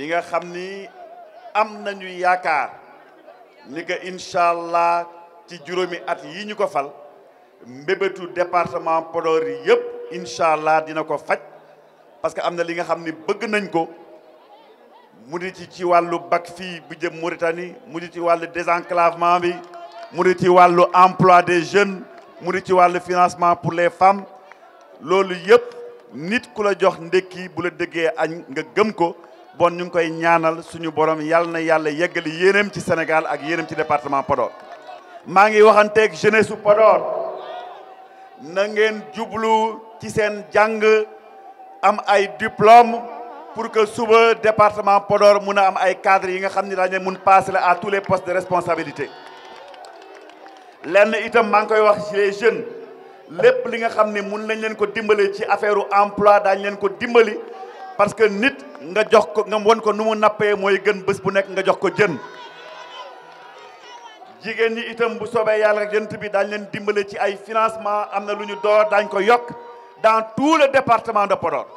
bi nga xam ni am nañu yaakaar ni que incha ci juróomi at yi ñu ko fal mbébétu département Podor yi yëpp incha allah dina ko faj parce que am na li nga xam ni bëgg nañ ko mu di ci ci wàllu bac fii bu jëm Mauritanie mu di ci wàllu désenclavement bi mu di ci wàllu emploi des jeunes mu di ci wàllu financement pour les femmes loolu yëpp nit ku la jox ndékki bu la déggee añ nga gëm ko bon ñu ngi koy ñaanal suñu borom yàlla na yàlla yeggali yéeneem ci Sénégal ak yéeneem ci département Podor maa ngi waxanteeg jeunesse su Podor na ngeen jublu ci seen jàng am ay diplôme pour que suba departement Podor mun a am ay cadres yi nga xam ne daañu mun passer la à tous les postes de responsabilité lenn itam maa ngi koy wax les jeunes lépp li nga xam ne mun nañ leen ko dimbali ci affaire emploi daañu leen ko dimbali parce que nit nga jox ko nga won ko nu mu nappee mooy gën bés bu nekk nga jox ko jën jigéen ñi itam bu soobee yàlla ak jënt bi daañ leen dimbale ci ay financement am na lu ñu door daañ ko yokk dans tout le département de Podor